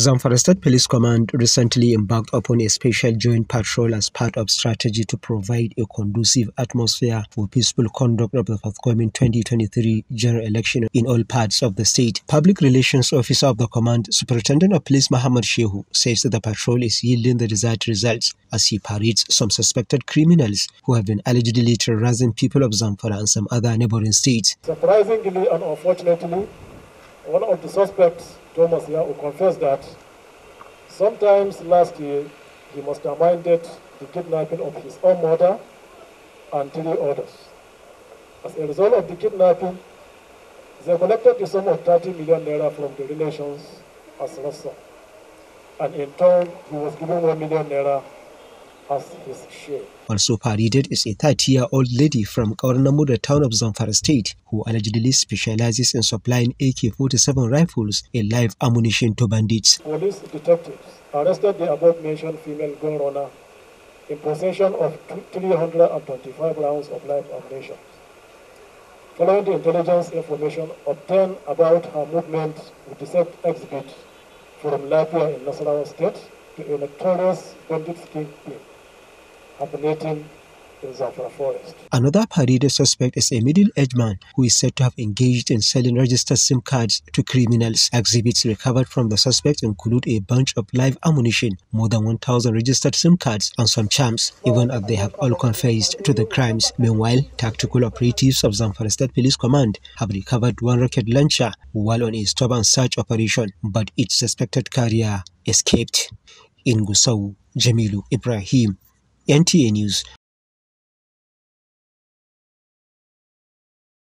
Zamfara State Police Command recently embarked upon a special joint patrol as part of strategy to provide a conducive atmosphere for peaceful conduct of the forthcoming 2023 general election in all parts of the state. Public Relations Officer of the Command, Superintendent of Police Muhammad Shehu, says that the patrol is yielding the desired results as he parades some suspected criminals who have been allegedly terrorizing people of Zamfara and some other neighboring states. Surprisingly and unfortunately, one of the suspects, Thomas Yao, confessed that sometimes last year he masterminded the kidnapping of his own mother and three others. As a result of the kidnapping, they collected the sum of 30 million naira from the relations as ransom. And in turn, he was given 1 million naira lost his shoe. Also paraded is a 30-year-old lady from Kaurnamu, the town of Zamfara State, who allegedly specializes in supplying AK-47 rifles and live ammunition to bandits. Police detectives arrested the above-mentioned female gun runner in possession of 325 rounds of live ammunition. Following the intelligence information obtained about her movement with the set exhibit from Lapia in Nasarawa State to a notorious bandit kingpin. in Zafra Forest. Another paraded suspect is a middle-aged man who is said to have engaged in selling registered SIM cards to criminals. Exhibits recovered from the suspect include a bunch of live ammunition, more than 1,000 registered SIM cards, and some charms, even as they have all confessed to the crimes. Meanwhile, tactical operatives of Zamfara State Police Command have recovered one rocket launcher while on a stop and search operation, but its suspected carrier escaped. In Gusau, Jamilu Ibrahim, NTA News